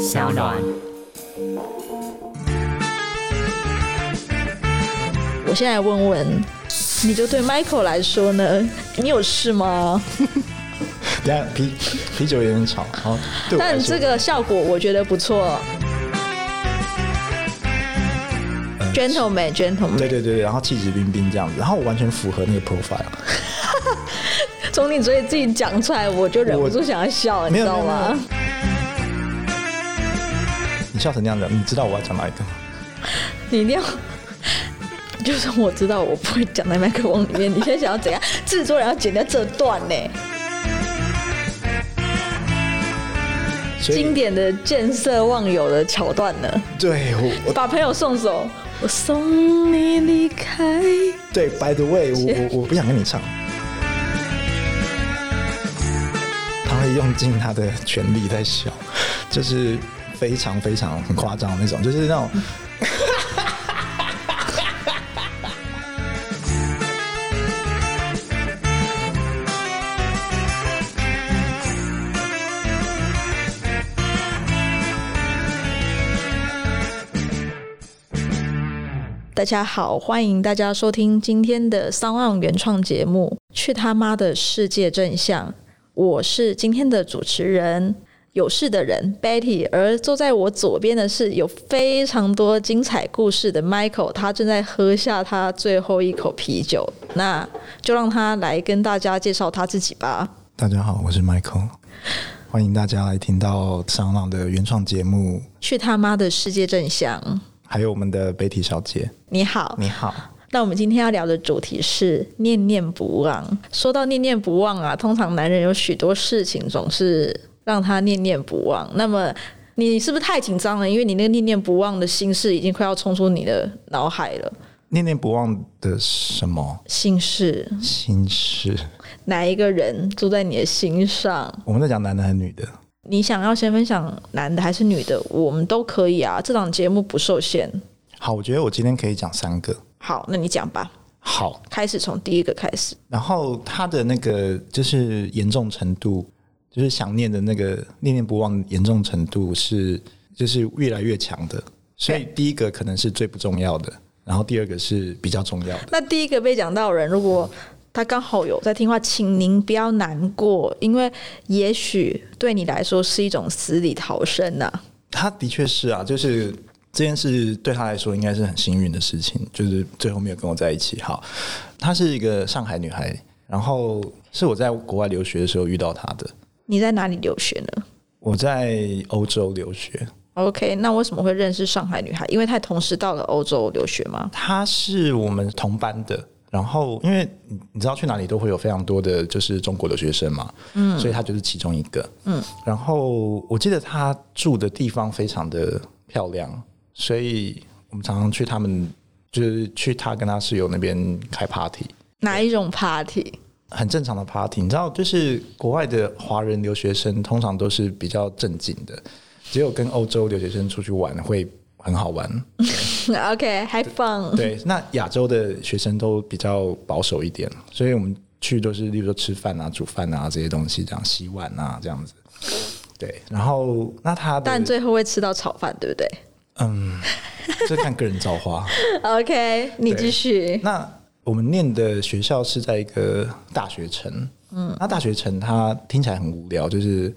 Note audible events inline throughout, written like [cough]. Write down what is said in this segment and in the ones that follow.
小暖，我現在問問，你就對 Michael 來說呢，你有事嗎？ [laughs] 等下啤啤酒有點吵啊，但這個效果我覺得不錯。Gentleman，Gentleman。對對對，然後氣質彬彬這樣子，然後我完全符合那個 profile。從 [laughs] 你嘴裡自己講出來，我就忍不住想要笑，你知道嗎？沒有沒有沒有笑成那樣的，你知道我要講哪一個？你一定要，就算、是、我知道，我不會講在麥克風裡面。你現在想要怎樣，製作人要剪掉這段呢？經典的見色忘友的橋段呢？對，我把朋友送走，我送你離開。對，By the way，我我我不想跟你唱。他會用盡他的全力在笑，就是。非常非常很誇張的那種，就是那種。大家好，歡迎大家收聽今天的《SoundOn 原創節目。》 [music] 去他媽的世界真相！我是今天的主持人，有事的人 Betty，而坐在我左邊的是有非常多精彩故事的 Michael，他正在喝下他最後一口啤酒，那就讓他來跟大家介紹他自己吧。大家好，我是 Michael， [laughs] 歡迎大家來聽到 [laughs] SoundOn 的原創節目《去他媽的世界正向》，還有我們的 Betty 小姐，你好，你好。那我們今天要聊的主題是念念不忘。說到念念不忘啊，通常男人有許多事情總是。讓他念念不忘。那麼你是不是太緊張了？因為你那個念念不忘的心事已經快要衝出你的腦海了。念念不忘的什麼心事？心事。哪一個人住在你的心上？我們在講男的和女的？你想要先分享男的還是女的？我們都可以啊，這檔節目不受限。好，我覺得我今天可以講三個。好，那你講吧。好，開始從第一個開始。然後他的那個就是嚴重程度，就是想念的那個念念不忘，嚴重程度是就是越來越強的。所以第一個可能是最不重要的，然後第二個是比較重要的。那第一個被講到人，如果他剛好有在聽話，請您不要難過，因為也許對你來說是一種死裡逃生呢。他的確是啊，就是這件事對他來說應該是很幸運的事情，就是最後沒有跟我在一起。好，她是一個上海女孩，然後是我在國外留學的時候遇到她的。你在哪裡留學呢？我在歐洲留學。OK，那為什麼會認識上海女孩？因為她同時到了歐洲留學嗎？她是我們同班的，然後因為你知道去哪裡都會有非常多的就是中國留學生嘛，嗯，所以她就是其中一個，嗯。然後我記得她住的地方非常的漂亮，所以我們常常去他們就是去她跟她室友那邊開 party。哪一種 party？很正常的 party，你知道，就是國外的華人留學生通常都是比較正經的，只有跟歐洲留學生出去玩會很好玩。OK，High Fun 對。對，那亞洲的學生都比較保守一點，所以我們去都是，例如說吃飯啊、煮飯啊這些東西，這樣洗碗啊這樣子。對，然後那他的但最後會吃到炒飯，對不對？嗯，這看個人造化。 [laughs] OK，你繼續。那我們念的學校是在一個大學城，嗯，那大學城它聽起來很無聊，就是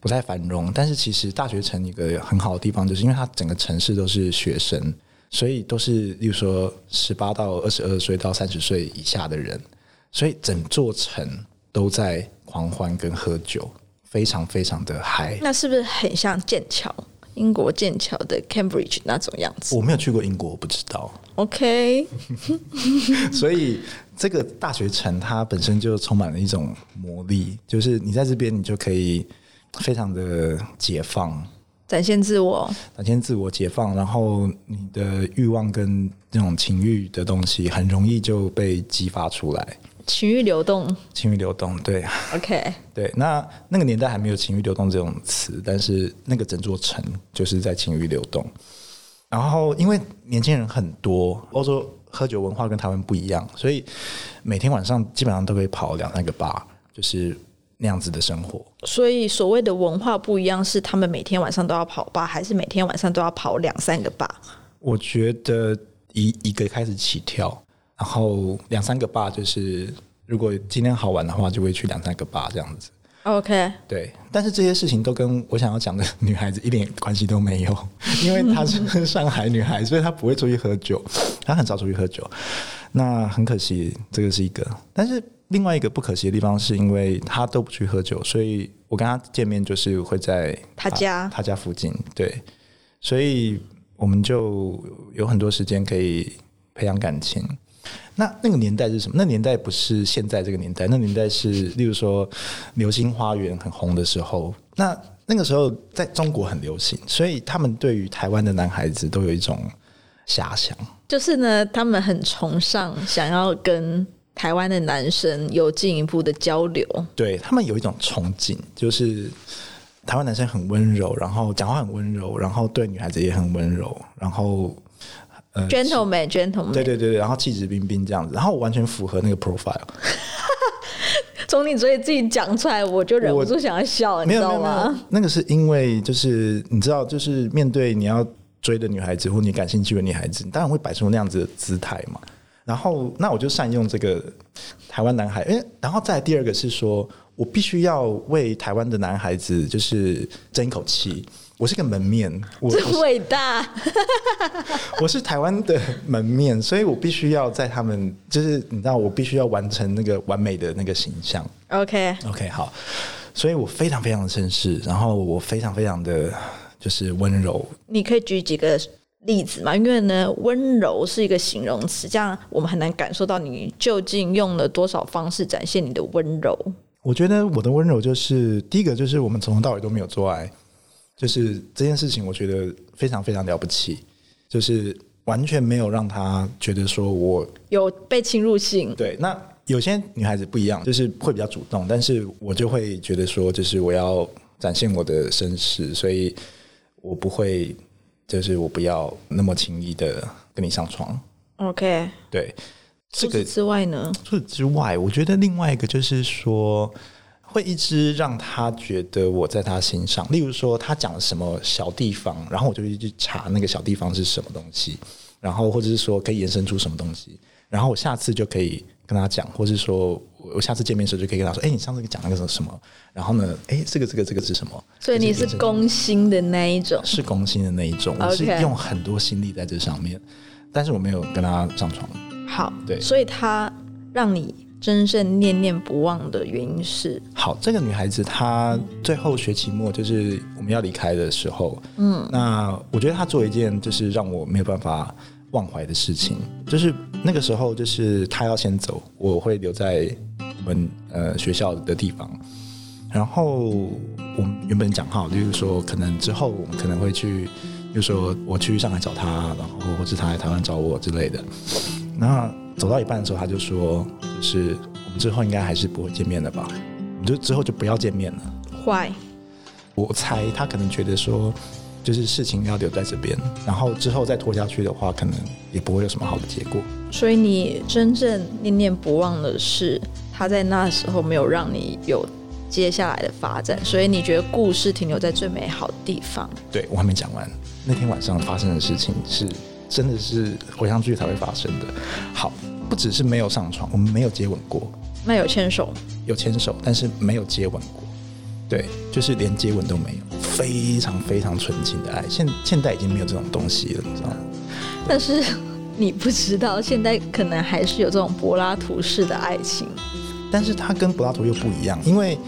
不太繁榮。但是其實大學城一個很好的地方，就是因為它整個城市都是學生，所以都是，例如說十八到二十二歲到三十歲以下的人，所以整座城都在狂歡跟喝酒，非常非常的嗨。那是不是很像劍橋？英國劍橋的 Cambridge 那種樣子，我沒有去過英國，我不知道。OK， [laughs] 所以這個大學城它本身就充滿了一種魔力，就是你在這邊，你就可以非常的解放，展現自我，展現自我，解放，然後你的欲望跟那種情欲的東西很容易就被激發出來。情慾流動，情慾流動，對，OK，對。那那個年代還沒有“情慾流動”這種詞，但是那個整座城就是在情慾流動。然後，因為年輕人很多，歐洲喝酒文化跟台灣不一樣，所以每天晚上基本上都會跑兩三個 bar，就是那樣子的生活。所以，所謂的文化不一樣，是他們每天晚上都要跑 bar，還是每天晚上都要跑兩三個 bar？我覺得一一個開始起跳。然後兩三個吧，就是如果今天好玩的話，就會去兩三個吧這樣子。OK，對。但是這些事情都跟我想要講的女孩子一點關係都沒有，因為她是上海女孩， [laughs] 所以她不會出去喝酒，她很少出去喝酒。那很可惜，這個是一個。但是另外一個不可惜的地方是因為她都不去喝酒，所以我跟她見面就是會在她家，她家附近。對，所以我們就有很多時間可以培養感情。那那個年代是什麼？那年代不是現在這個年代，那年代是，例如說《流星花園》很紅的時候。那那個時候在中國很流行，所以他們對於台灣的男孩子都有一種遐想，就是呢，他們很崇尚想要跟台灣的男生有進一步的交流，對，他們有一種憧憬，就是台灣男生很溫柔，然後講話很溫柔，然後對女孩子也很溫柔，然後。gentleman，gentleman、呃、gentleman 對對對，對，然後氣質彬彬這樣子，然後完全符合那個 profile。 [laughs] 從你嘴裡，自己講出來，我就忍不住想要笑，你知道嗎？那個是因為就是你知道，就是面對你要追的女孩子或你感興趣的女孩子，你當然會擺出那樣子的姿態嘛。然後那我就善用這個台灣男孩，因、欸、然後再第二個是說，我必須要為台灣的男孩子就是爭一口氣。我是個門面，真偉大我是！我是台灣的門面， [laughs] 所以我必須要在他們，就是你知道，我必須要完成那個完美的那個形象。OK，OK，okay. Okay, 好，所以我非常非常紳士，然後我非常非常的就是溫柔。你可以舉幾個例子嘛？因為呢，溫柔是一個形容詞，這樣我們很難感受到你究竟用了多少方式展現你的溫柔。我覺得我的溫柔就是第一個，就是我們從頭到尾都沒有做愛。就是這件事情，我覺得非常非常了不起，就是完全沒有讓他覺得說我有被侵入性。對，那有些女孩子不一樣，就是會比較主動，但是我就會覺得說，就是我要展現我的紳士，所以我不會，就是我不要那麼輕易的跟你上床。OK，對，這個除此之外呢？除此之外，我覺得另外一個就是說。會一直讓他覺得我在他心上，例如說他講了什麼小地方，然後我就一直查那個小地方是什麼東西，然後或者是說可以延伸出什麼東西，然後我下次就可以跟他講，或是說我下次見面的時候就可以跟他說，哎、欸，你上次講那個什麼什麼，然後呢，哎、欸，這個這個這個是什麼？所以你是攻心的那一種，是攻心的那一種，Okay. 我是用很多心力在這上面，但是我沒有跟他上床。好，對，所以他讓你。真正念念不忘的原因是，好，這個女孩子她最後學期末就是我們要離開的時候，嗯，那我覺得她做一件就是讓我沒有辦法忘懷的事情，就是那個時候就是她要先走，我會留在我們呃學校的地方，然後我們原本講好，就是說可能之後我們可能會去，就說我去上海找她，然後或是她來台灣找我之類的，那。走到一半的時候，他就說：“就是我們之後應該還是不會見面的吧？你就之後就不要見面了。”Why？我猜他可能覺得說，就是事情要留在這邊，然後之後再拖下去的話，可能也不會有什麼好的結果。所以你真正念念不忘的是，他在那時候沒有讓你有接下來的發展，所以你覺得故事停留在最美好的地方？對，我還沒講完。那天晚上發生的事情是，真的是偶像劇才會發生的。好。不只是沒有上床，我們沒有接吻過。那有牽手嗎？有牽手，但是沒有接吻過。對，就是連接吻都沒有，非常非常純情的愛。現現在已經沒有這種東西了，你知道嗎？但是你不知道，現在可能還是有這種柏拉圖式的愛情。但是它跟柏拉圖又不一樣，因為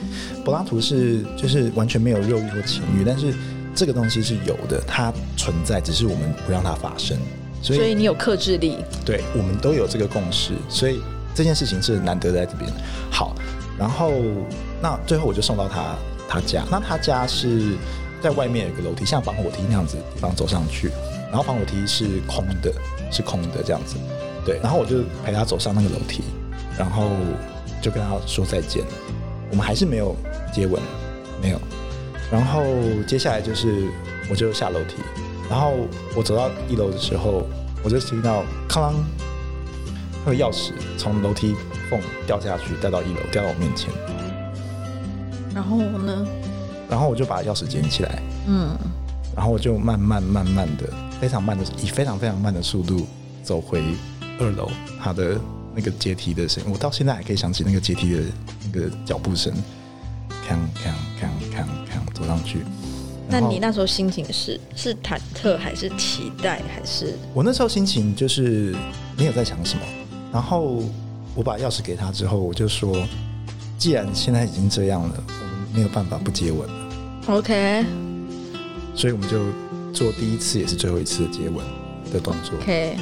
柏拉圖是就是完全沒有肉欲或情欲，但是這個東西是有的，它存在，只是我們不讓它發生。所以，所以你有克制力，對，我們都有這個共識，所以這件事情是難得在這邊。好，然後那最後我就送到他他家，那他家是在外面有一個樓梯，像防火梯那樣子，地方走上去，然後防火梯是空的，是空的這樣子，對，然後我就陪他走上那個樓梯，然後就跟他說再見，我們還是沒有接吻，沒有，然後接下來就是我就下樓梯。然後我走到一樓的時候，我就聽到「哐啷」，他的鑰匙從樓梯縫掉下去，掉到一樓，掉到我面前。然後呢？然後我就把鑰匙撿起來。嗯。然後我就慢慢慢慢的，非常慢的，以非常非常慢的速度走回二樓，他的那個階梯的聲音，我到現在還可以想起那個階梯的那個腳步聲，看，看，看，看，看，走上去。那你那時候心情是是忐忑還是期待還是？我那時候心情就是沒有在想什麼，然後我把鑰匙給他之後，我就說，既然現在已經這樣了，我們沒有辦法不接吻了。OK，所以我們就做第一次也是最後一次的接吻的動作。OK，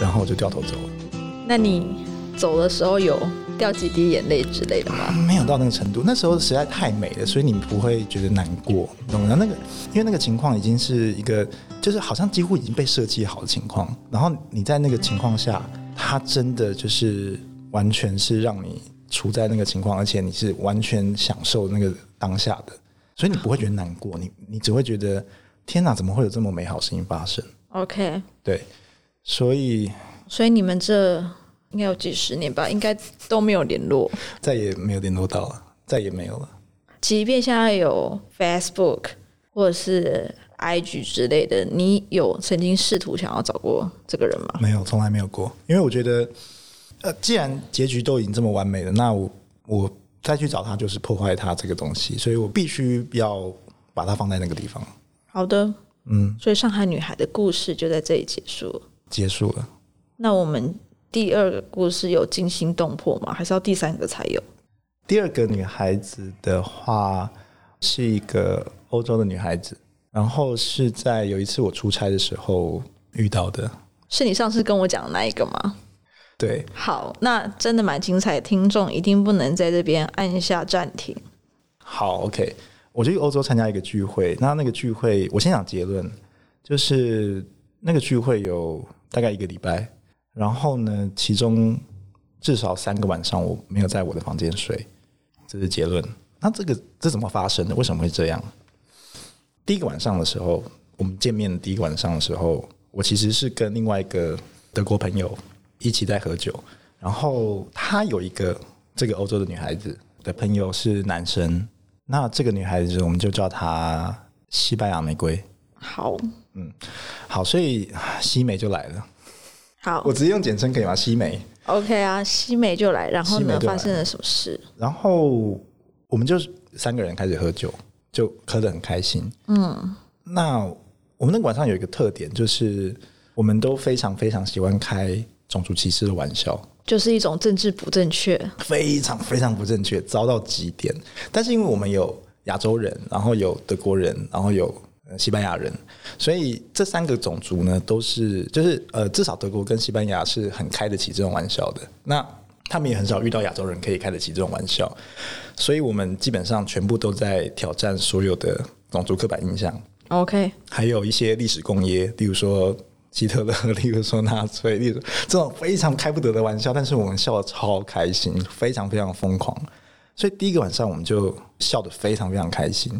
然後我就掉頭走了。那你走的時候有？掉幾滴眼淚之類的嗎？嗯，沒有到那個程度，那時候實在太美了，所以你不會覺得難過。懂，然後那個，因為那個情況已經是一個，就是好像幾乎已經被設計好的情況。然後你在那個情況下，它真的就是完全是讓你處在那個情況，而且你是完全享受那個當下的，所以你不會覺得難過，你你只會覺得天哪、啊，怎麼會有這麼美好的事情發生？OK，對，所以，所以你們這。應該有幾十年吧，應該都沒有聯絡，再也沒有聯絡到了，再也沒有了。即便現在有 Facebook 或者是 IG 之類的，你有曾經試圖想要找過這個人嗎？沒有，從來沒有過。因為我覺得，呃，既然結局都已經這麼完美了，那我我再去找他就是破壞他這個東西，所以我必須要把他放在那個地方。好的，嗯，所以上海女孩的故事就在這裡結束了，結束了。那我們。第二個故事有驚心動魄嗎？還是要第三個才有？第二個女孩子的話，是一個歐洲的女孩子，然後是在有一次我出差的時候遇到的。是你上次跟我講的那一個嗎？對，好，那真的蠻精彩。聽眾一定不能在這邊按下暫停。好，OK，我去歐洲參加一個聚會，那那個聚會我先講結論，就是那個聚會有大概一個禮拜。然後呢，其中至少三個晚上我沒有在我的房間睡，這是結論。那這個，這怎麼發生的？為什麼會這樣？第一個晚上的時候，我們見面的第一個晚上的時候，我其實是跟另外一個德國朋友一起在喝酒。然後他有一個這個歐洲的女孩子的朋友是男生，那這個女孩子我們就叫她西班牙玫瑰。好，嗯，好，所以西梅就來了。好，我直接用簡稱可以嗎？西玫，OK 啊，西玫就來。然後呢，發生了什麼事？然後我們就三個人開始喝酒，就喝得很開心。嗯，那我們那個晚上有一個特點，就是我們都非常非常喜歡開種族歧視的玩笑，就是一種政治不正確，非常非常不正確，糟到極點。但是因為我們有亞洲人，然後有德國人，然後有。呃，西班牙人，所以這三個種族呢，都是就是呃，至少德國跟西班牙是很開得起這種玩笑的。那他們也很少遇到亞洲人可以開得起這種玩笑，所以我們基本上全部都在挑戰所有的種族刻板印象。OK，還有一些歷史公業，例如說希特勒，例如說納粹，例如這種非常開不得的玩笑，但是我們笑得超開心，非常非常瘋狂。所以第一個晚上我們就笑得非常非常開心，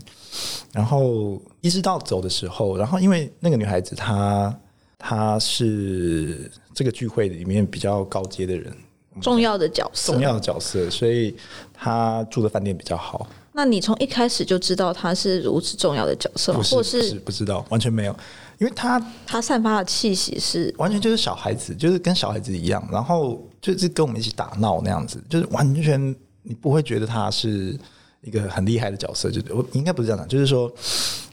然後一直到走的時候，然後因為那個女孩子她她是這個聚會裡面比較高階的人，重要的角色，重要的角色，所以她住的飯店比較好。那你從一開始就知道她是如此重要的角色嗎？或是，不是，不知道，完全沒有，因為她她散發的氣息是完全就是小孩子，就是跟小孩子一樣，然後就是跟我們一起打鬧那樣子，就是完全。你不會覺得他是一個很厲害的角色，就我應該不是這樣講，就是說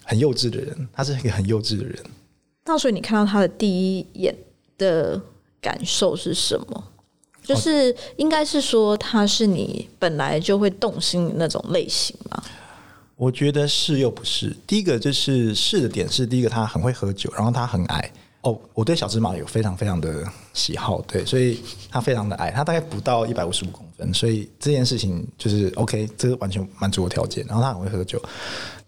很幼稚的人，他是一個很幼稚的人。那所以你看到他的第一眼的感受是什麼？就是應該是說他是你本來就會動心的那種類型嗎？哦，我覺得是又不是。第一個就是是的點是，第一個他很會喝酒，然後他很矮哦。我對小芝麻有非常非常的喜好，對，所以他非常的矮，他大概不到一百五十五公。嗯、所以這件事情就是 OK，這個完全滿足我條件。然後他很會喝酒，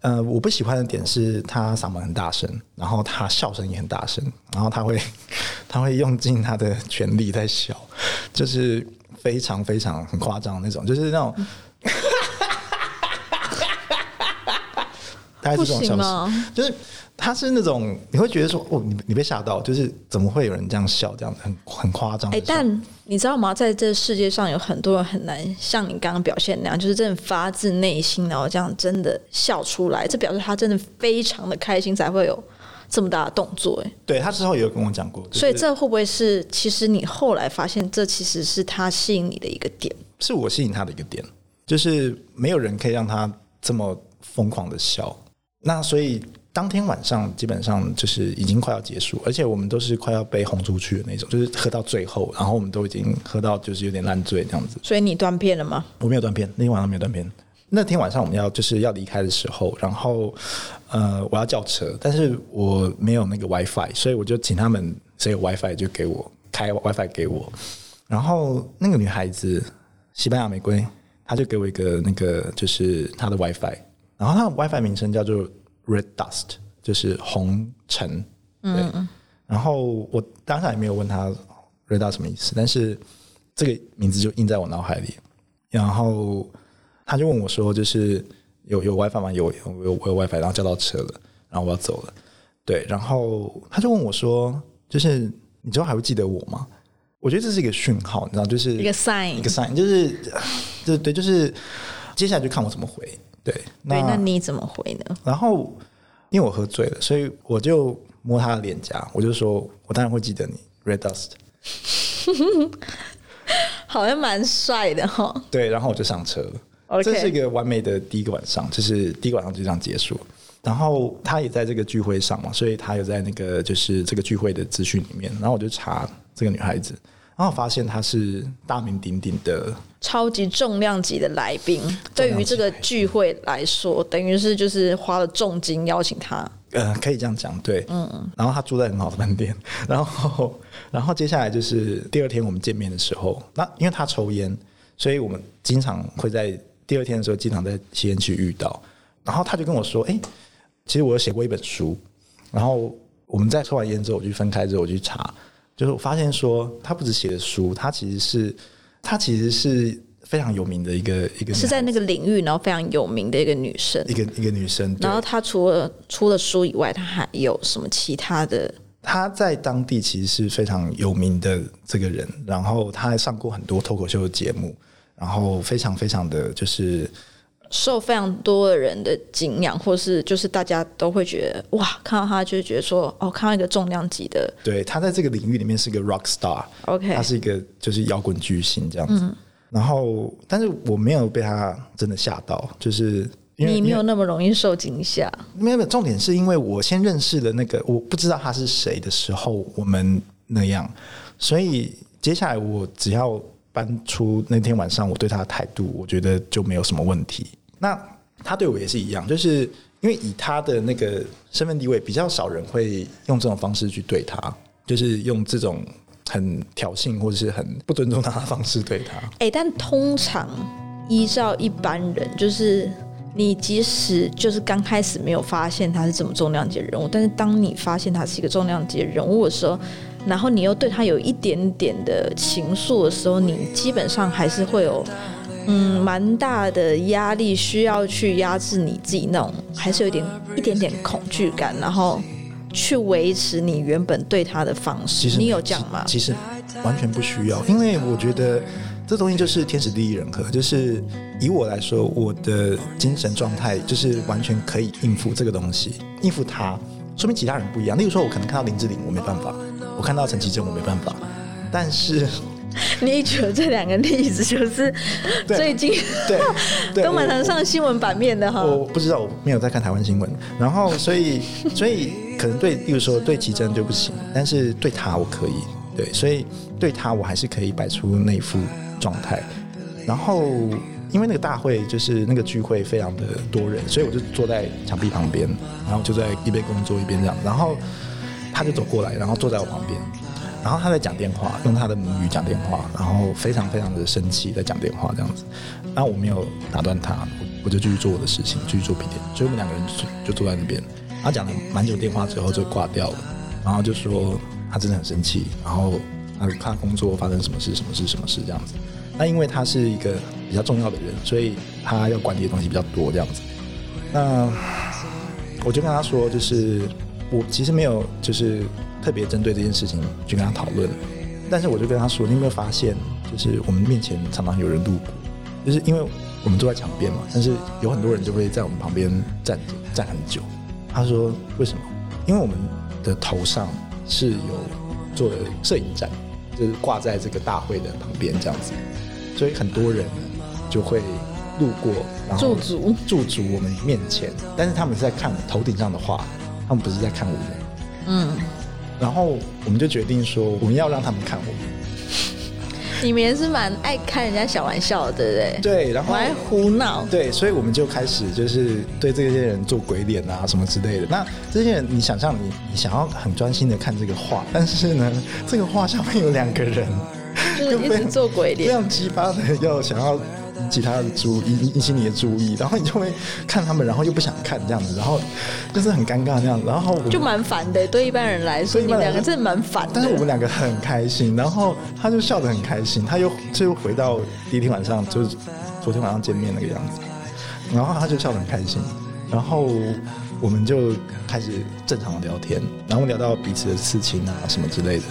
呃，我不喜歡的點是他嗓門很大聲，然後他笑聲也很大聲，然後他會他會用盡他的全力在笑，就是非常非常很誇張那種，就是那種、嗯。是這種不行了，就是他是那種你會覺得說哦，你你被嚇到，就是怎麼會有人這樣笑，這樣很很誇張。哎、欸，但你知道嗎，在這世界上有很多人很難像你剛剛表現那樣，就是真的發自內心然後這樣真的笑出來，這表示他真的非常的開心，才會有這麼大的動作、欸。哎，對，他之後也有跟我講過對對，所以這會不會是其實你後來發現，這其實是他吸引你的一個點？是我吸引他的一個點，就是沒有人可以讓他這麼瘋狂的笑。那所以當天晚上基本上就是已經快要結束，而且我們都是快要被轟出去的那種，就是喝到最後，然後我們都已經喝到就是有點爛醉這樣子。所以你斷片了嗎？我沒有斷片，那天晚上沒有斷片。那天晚上我們要就是要離開的時候，然後呃我要叫車，但是我沒有那個 WiFi，所以我就請他們誰有 WiFi 就給我開 WiFi 給我。然後那個女孩子西班牙玫瑰，她就給我一個那個就是她的 WiFi。然後他的 WiFi 名稱叫做 Red Dust，就是紅塵。對。嗯、然後我當時也沒有問他 Red Dust 什麼意思，但是這個名字就印在我腦海裡。然後他就問我說：“就是有有 WiFi 嗎？有有有，我有 WiFi？” 然後叫到車了，然後我要走了。對。然後他就問我說：“就是你之後還會記得我嗎？”我覺得這是一個訊號，你知道，就是一個 sign，一個 sign，就是就對，就是接下來就看我怎麼回。對，對，那你怎麼回呢？然後因為我喝醉了，所以我就摸她的臉頰，我就說，我當然會記得你，Red Dust， [laughs] 好像蠻帥的哈。對，然後我就上車，OK，這是一個完美的第一個晚上，就是第一個晚上就這樣結束。然後他也在這個聚會上嘛，所以他有在那個就是這個聚會的資訊裡面，然後我就查這個女孩子。然後我發現他是大名鼎鼎的超級重量級的來賓，對於這個聚會來說，等於是就是花了重金邀請他。呃，可以這樣講，對，嗯。然後他住在很好的飯店，然後，然後接下來就是第二天我們見面的時候，那因為他抽菸，所以我們經常會在第二天的時候，經常在吸菸區遇到。然後他就跟我說：“哎、欸，其實我有寫過一本書。”然後我們在抽完菸之後，我去分開之後，我去查。就是我發現說，她不止寫的書，她其實是，她其實是非常有名的一個一個是在那個領域，然後非常有名的一個女生，一個一個女生。然後她除了除了書以外，她還有什麼其他的？她在當地其實是非常有名的這個人，然後她還上過很多脫口秀的節目，然後非常非常的就是。受非常多的人的敬仰，或是就是大家都會覺得哇，看到他就是覺得說哦，看到一個重量級的，對，他在這個領域裡面是一個 rock star，OK，okay，他是一個就是搖滾巨星這樣子，嗯。然後，但是我沒有被他真的嚇到，就是因為因為你沒有那麼容易受驚嚇。沒有，重點是因為我先認識的那個，我不知道他是誰的時候，我們那樣，所以接下來我只要搬出那天晚上我對他的態度，我覺得就沒有什麼問題。那他對我也是一樣，就是因為以他的那個身份地位，比較少人會用這種方式去對他，就是用這種很挑釁或者是很不尊重他的方式對他。欸，哎，但通常依照一般人，就是你即使就是剛開始沒有發現他是這麼重量級的人物，但是當你發現他是一個重量級的人物的時候，然後你又對他有一點點的情愫的時候，你基本上還是會有。嗯，蠻大的壓力，需要去壓制你自己那種，還是有點一點點恐懼感，然後去維持你原本對他的方式。你有講嗎？其實完全不需要，因為我覺得這東西就是天時地利人和，就是以我來說，我的精神狀態就是完全可以應付這個東西，應付他，說明其他人不一樣。例如說，我可能看到林志玲，我沒辦法；我看到陳綺貞，我沒辦法，但是。你舉了這兩個例子，就是最近對，對對 [laughs] 都蠻常上新聞版面的哈，我我我。我不知道，我沒有在看台灣新聞。然後，所以，所以可能對，比如說對齊真就不行，但是對他我可以，對，所以對他我還是可以擺出那副狀態。然後，因為那個大會就是那個聚會非常的多人，所以我就坐在牆壁旁邊，然後就在一邊工作一邊這樣。然後他就走過來，然後坐在我旁邊。然後他在講電話，用他的母語講電話，然後非常非常的生氣，在講電話這樣子。那我沒有打斷他，我就繼續做我的事情，繼續做 PPT。所以我們兩個人就，就坐在那邊，他講了蠻久電話之後就掛掉了，然後就說他真的很生氣，然後他怕工作發生什麼事，什麼事，什麼事這樣子。那因為他是一個比較重要的人，所以他要管理的東西比較多這樣子。那我就跟他說，就是我其實沒有就是。特別針對這件事情去跟他討論，但是我就跟他說：“你有沒有發現，就是我們面前常常有人路過，就是因為我們坐在牆邊嘛，但是有很多人就會在我們旁邊站着站很久。”他說：“為什麼？因為我們的頭上是有做了攝影展，就是掛在這個大會的旁邊這樣子，所以很多人就會路過，然後駐足駐足我們面前，但是他們是在看頭頂上的畫，他們不是在看我們。”嗯。然後我們就決定說，我們要讓他們看我們。你們是蠻愛開人家小玩笑的，對不對？對，然後我還胡鬧。對，所以我們就開始就是對這些人做鬼臉啊什麼之類的。那這些人，你想象你你想要很專心的看這個畫，但是呢，這個畫上面有兩個人，又一直做鬼臉，這樣激發的又想要。其他的注意引起你的注意，然後你就會看他們，然後又不想看這樣子，然後就是很尷尬這樣子，然後就蠻煩的，對一般人來說，你們兩個真的蠻煩的。但是我們兩個很開心，然後他就笑得很開心，他又就又回到第一天晚上，就是昨天晚上見面那個樣子，然後他就笑得很開心，然後我們就開始正常的聊天，然後聊到彼此的事情啊什麼之類的，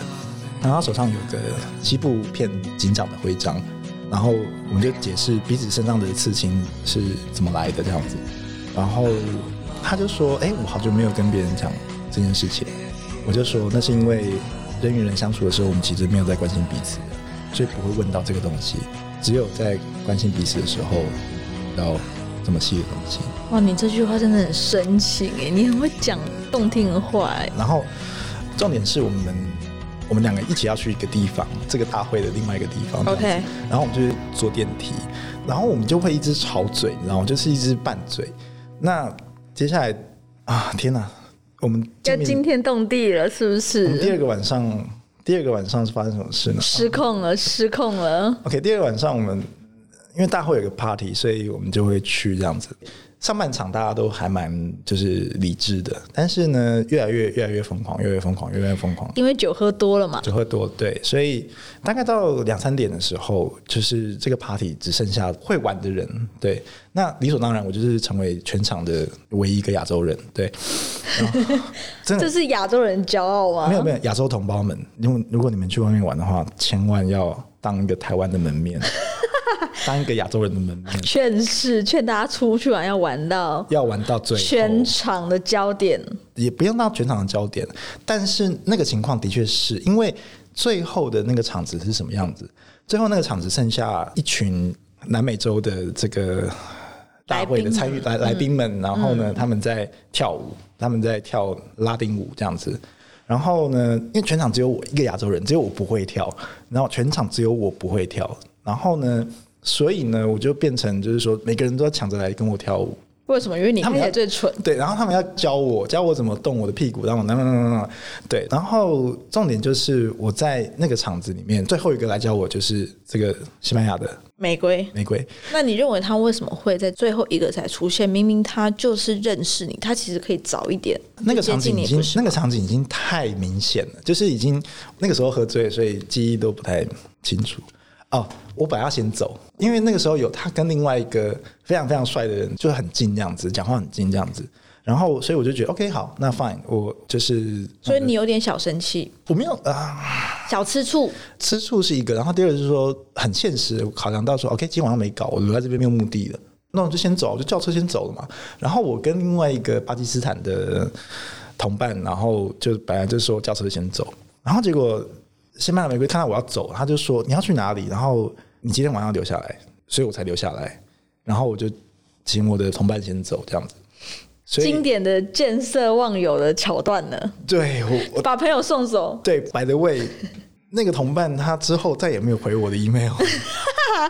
然後他手上有個西部片警長的徽章。然後我們就解釋彼此身上的刺青是怎麼來的這樣子，然後他就說：“哎、欸，我好久沒有跟別人講這件事情。”我就說：“那是因為人與人相處的時候，我們其實沒有在關心彼此，所以不會問到這個東西。只有在關心彼此的時候，要這麼細的東西。”哇，你這句話真的很深情哎，你很會講動聽的話欸。然後重點是我們。我們兩個一起要去一個地方，這個大會的另外一個地方。OK，然後我們就去坐電梯，然後我們就會一直吵嘴，你知道，就是一直拌嘴。那接下來啊，天哪，我們應該驚天動地了，是不是？我們第二個晚上，第二個晚上是發生什麼事呢？失控了，失控了。OK，第二個晚上我們因為大會有個 party，所以我們就會去這樣子。上半場大家都還蠻就是理智的，但是呢，越來越越來越瘋狂，越來越瘋狂，越來越瘋狂，因為酒喝多了嘛，酒喝多對，所以大概到兩三點的時候，就是這個 party 只剩下會玩的人，對，那理所當然，我就是成為全場的唯一一個亞洲人，對，真的 [laughs] 這是亞洲人驕傲啊！沒有沒有，亞洲同胞們，因為如果你們去外面玩的話，千萬要當一個台灣的門面。 [laughs] 當一個亞洲人的門面，勸是勸大家出去玩，要玩到要玩到最全場的焦點，也不用到全場的焦點。但是那個情況的確是因為最後的那個場子是什麼樣子？最後那個場子剩下一群南美洲的這個大會的參與來來賓們，嗯，然後呢，他們在跳舞，嗯，他們在跳拉丁舞這樣子。然後呢，因為全場只有我一個亞洲人，只有我不會跳，然後全場只有我不會跳。然後呢，所以呢，我就變成就是說，每個人都要搶着來跟我跳舞。為什麼？因為你看起來最蠢。對，然後他們要教我，教我怎麼動我的屁股，然後我……對，然後重點就是我在那個場子裡面最後一個來教我，就是這個西班牙的玫瑰，玫瑰。那你認為他為什麼會在最後一個才出現？明明他就是認識你，他其實可以早一點。那個場景已經，那個場景已經太明顯了，就是已經那個時候喝醉，所以記憶都不太清楚。哦，我本來要先走，因為那個時候有他跟另外一個非常非常帥的人，就很近這樣子，講話很近這樣子。然後，所以我就覺得 OK 好，那 fine，我就是。所以你有點小生氣？我沒有啊，小吃醋，吃醋是一個。然後第二個就是說很現實，考量到說 OK，今天晚上沒搞，我留在這邊沒有目的了。那我就先走，我就叫車先走了嘛。然後我跟另外一個巴基斯坦的同伴，然後就本來就說叫車先走，然後結果。西班牙玫瑰，看到我要走，他就說：“你要去哪裡？”然後你今天晚上要留下來，所以我才留下來。然後我就請我的同伴先走，這樣子。所以經典的見色忘友的橋段呢？對我，把朋友送走。對，by the way。那個同伴，他之後再也沒有回我的 email。 [laughs]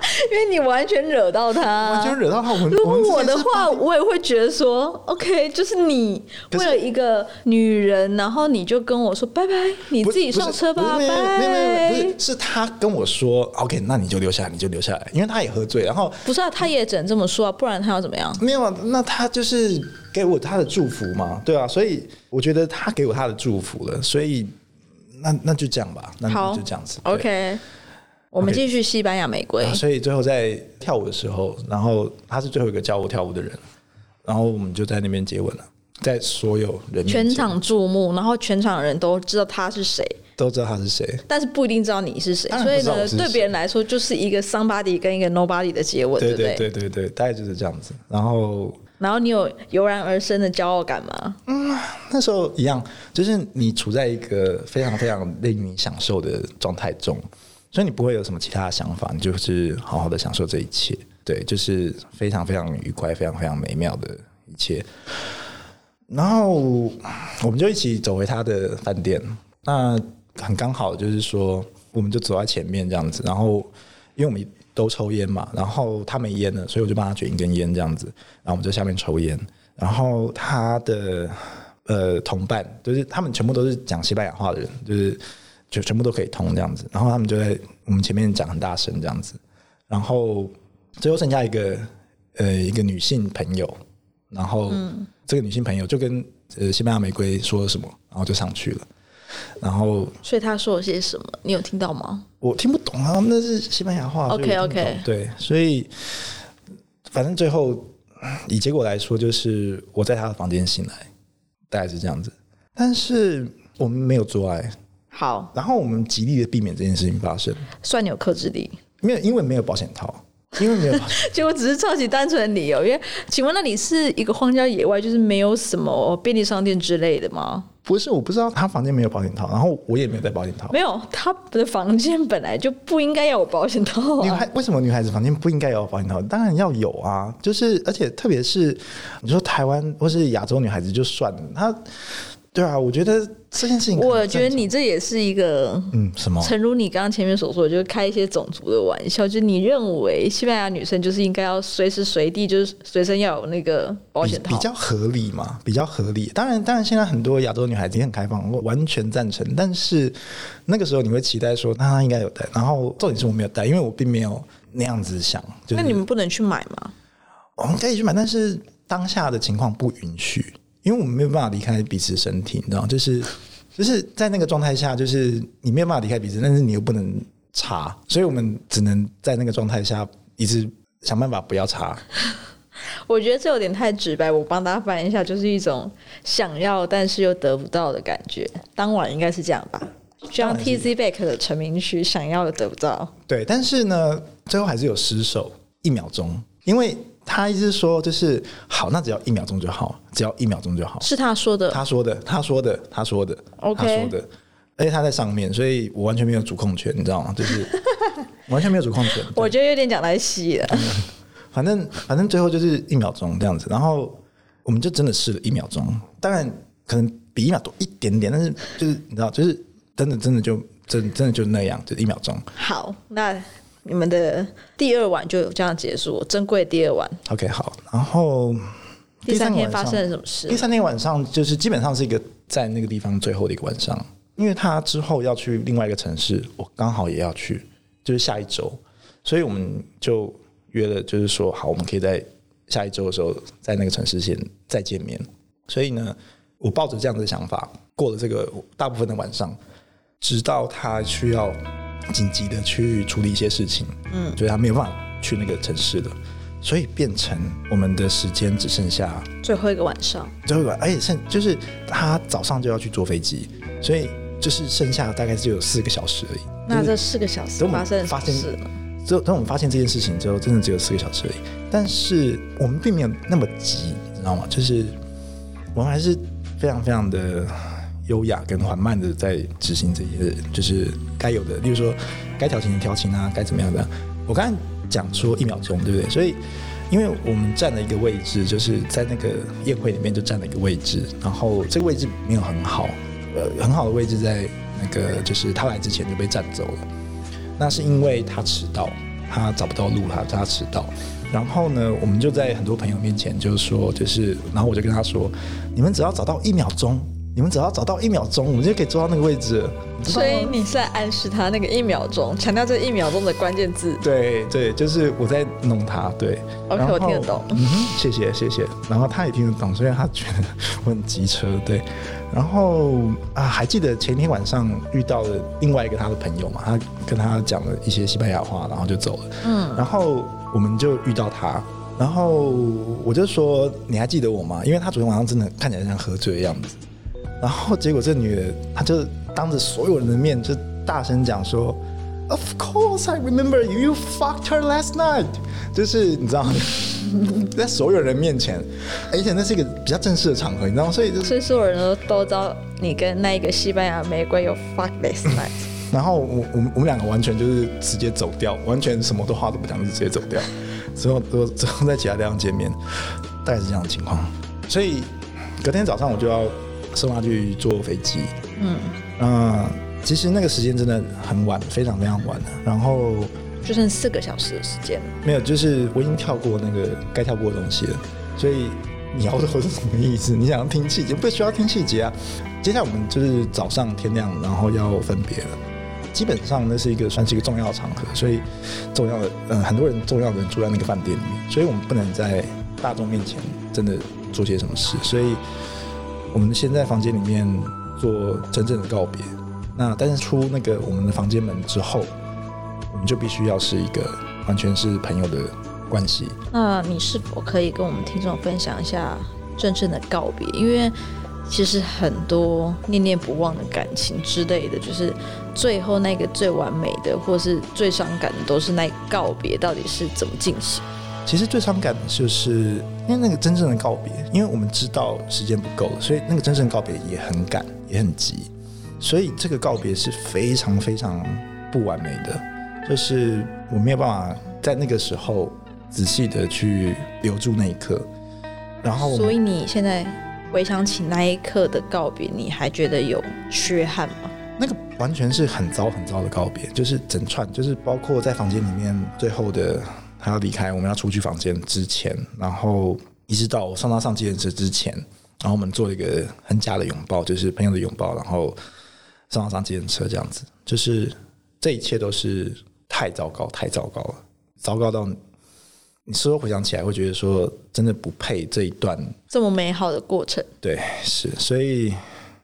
[laughs] 因為你完全惹到他，我覺得惹到他。如果我的話，我也會覺得說，OK，就是你為了一個女人，然後你就跟我說拜拜，你自己上車吧。拜拜，不是，不是，不是，不是，是他跟我說 OK，那你就留下來，你就留下來，因為他也喝醉，然後不是啊，他也只能這麼說啊，不然他要怎麼樣？嗯，沒有啊，那他就是給我他的祝福嘛，對啊，所以我覺得他給我他的祝福了，所以那那就這樣吧，那你就這樣子，OK。我們繼續西班牙玫瑰 okay，啊，所以最後在跳舞的時候，然後他是最後一個教我跳舞的人，然後我們就在那邊接吻了，在所有人全場注目，然後全場人都知道他是誰，都知道他是誰，但是不一定知道你是誰，所以呢，對別人來說就是一個 somebody 跟一個 nobody 的接吻，對對，對對對對，大概就是這樣子。然後，然後你有油然而生的驕傲感嗎？嗯，那時候一樣，就是你處在一個非常非常令你享受的狀態中。所以你不會有什麼其他的想法，你就是好好的享受這一切，對，就是非常非常愉快，非常非常美妙的一切。然後我們就一起走回他的飯店，那很剛好，就是說，我們就走在前面這樣子。然後，因為我們都抽煙嘛，然後他沒煙了，所以我就幫他卷一根煙這樣子。然後我們就下面抽煙，然後他的呃同伴就是他們全部都是講西班牙話的人，就是。就全部都可以通這樣子，然後他們就在我們前面講很大聲這樣子，然後最後剩下一個呃一個女性朋友，然後這個女性朋友就跟呃西班牙玫瑰說了什麼，然後就上去了，然後所以他說了些什麼，你有聽到嗎？我聽不懂啊，那是西班牙話。OK OK，對，所以反正最後以結果來說，就是我在他的房間醒來，大概是這樣子，但是我們沒有做愛。好，然後我們極力的避免這件事情發生。算你有克制力。沒有，因為沒有保險套，因為沒有保險套。結果只是超級單純的理由。因為，請問那裡是一個荒郊野外，就是沒有什麼便利商店之類的嗎？不是，我不知道他房間沒有保險套，然後我也沒有帶保險套。沒有，他的房間本來就不應該要有保險套啊。女孩，為什麼女孩子房間不應該有保險套？當然要有啊，就是而且特別是你說台灣或是亞洲女孩子就算了，她對啊，我覺得這件事情，我覺得你這也是一個，嗯，什麼？誠如你剛剛前面所說，就是開一些種族的玩笑，就是你認為西班牙女生就是應該要隨時隨地，就是隨身要有那個保險套，比，比較合理嘛，比較合理。當然，當然，現在很多亞洲女孩子也很開放，我完全贊成。但是那個時候你會期待說，那他應該有帶，然後重點是我沒有帶，因為我並沒有那樣子想，就是。那你們不能去買嗎？我們可以去買，但是當下的情況不允許。因為我們沒有辦法離開彼此身體，你知道嗎，就是就是在那個狀態下，就是你沒有辦法離開彼此，但是你又不能插。所以我們只能在那個狀態下一直想辦法不要插。 [laughs] 我覺得這有點太直白，我幫大家翻一下，就是一種想要但是又得不到的感覺。當晚應該是這樣吧，就像 Tizzy Bac 的成名曲《想要的得不到》。對，但是呢，最後還是有失手一秒鐘，因為。他一直說就是好，那只要一秒鐘就好，只要一秒鐘就好。是他說的，他說的，他說的，他說的。OK，他說的，而且他在上面，所以我完全沒有主控權，你知道嗎？就是完全沒有主控權。 [laughs] 我覺得有點講太細了、嗯。反正反正最後就是一秒鐘這樣子，然後我們就真的試了一秒鐘，當然可能比一秒多一點點，但是就是你知道，就是真的真的就真的真的就那樣，就一秒鐘。好，那。你們的第二晚就有這樣結束，珍貴第二晚。OK，好。然後第三，第三天發生了什麼事？第三天晚上就是基本上是一個在那個地方最後的一個晚上，因為他之後要去另外一個城市，我剛好也要去，就是下一周，所以我們就約了，就是說好，我們可以在下一周的時候在那個城市先再見面。所以呢，我抱着這樣子的想法過了這個大部分的晚上，直到他需要。緊急的去處理一些事情，嗯，所以他沒有辦法去那個城市的，嗯。所以變成我們的時間只剩下最後一個晚上，最後一個，而且剩就是他早上就要去坐飛機，所以就是剩下大概只有四個小時而已。那這四個小時生，我發現發現，只有當我們發現這件事情之後，真的只有四個小時而已。但是我們並沒有那麼急，你知道嗎？就是我們還是非常非常的。優雅跟緩慢的在執行這些，就是該有的，例如說該調情的調情啊，該怎麼樣的。我剛才講說一秒鐘，對不對？所以，因為我們站了一個位置，就是在那個宴會裡面就站了一個位置，然後這個位置沒有很好，呃，很好的位置在那個就是他來之前就被占走了。那是因為他遲到，他找不到路了，他遲到。然後呢，我們就在很多朋友面前就是說，就是然後我就跟他說，你們只要找到一秒鐘。你們只要找到一秒鐘，我們就可以坐到那個位置了。所以你是在暗示他那個一秒鐘，強調這一秒鐘的關鍵字。對對，就是我在弄他。對，OK，我聽得懂。嗯哼，謝謝謝謝。然後他也聽得懂，所以他覺得我很機車。對。然後啊，還記得前天晚上遇到的另外一個他的朋友嘛？他跟他講了一些西班牙話，然後就走了。嗯。然後我們就遇到他，然後我就說：“你還記得我嗎？”因為他昨天晚上真的看起來像喝醉的樣子。然後結果，這女的她就當着所有人的面就大聲講說：“Of course, I remember you fucked her last night。”就是你知道， [laughs] 在所有人面前，欸，而且那是一個比較正式的場合，你知道嗎，所以所以所有人都都知道你跟那一個西班牙玫瑰有 fuck this night。嗯。然後我我們我們兩個完全就是直接走掉，完全什麼都話都不講，就直接走掉。之後都之後在其他地方見面，大概是這樣的情況。所以隔天早上我就要。送他去坐飛機。嗯，那、呃、其實那個時間真的很晚，非常非常晚了。然後就剩四個小時的時間。沒有，就是我已經跳過那個該跳過的東西了。所以你要的是什麼意思？你想要聽細節？不需要聽細節啊。接下來我們就是早上天亮，然後要分別了。基本上那是一個算是一個重要的場合，所以重要的嗯、呃，很多人重要的人住在那個飯店裡面，所以我們不能在大眾面前真的做些什麼事，所以。我們先在房間裡面做真正的告別。那但是出那個我們的房間門之後，我們就必須要是一個完全是朋友的關係。那你是否可以跟我們聽眾分享一下真正的告別？因為其實很多念念不忘的感情之類的，就是最後那個最完美的，或是最傷感的，都是那個告別到底是怎麼進行？其實最傷感就是因為那個真正的告別，因為我們知道時間不夠，所以那個真正的告別也很趕，也很急，所以這個告別是非常非常不完美的，就是我沒有辦法在那個時候仔細的去留住那一刻。然後，所以你現在回想起那一刻的告別，你還覺得有缺憾嗎？那個完全是很糟很糟的告別，就是整串，就是包括在房間裡面最後的。他要離開，我們要出去房間之前，然後一直到我上他上計程車之前，然後我們做了一個很假的擁抱，就是朋友的擁抱，然後上他上計程車這樣子，就是這一切都是太糟糕，太糟糕了，糟糕到你事後回想起來會覺得說，真的不配這一段這麼美好的過程。對，是，所以，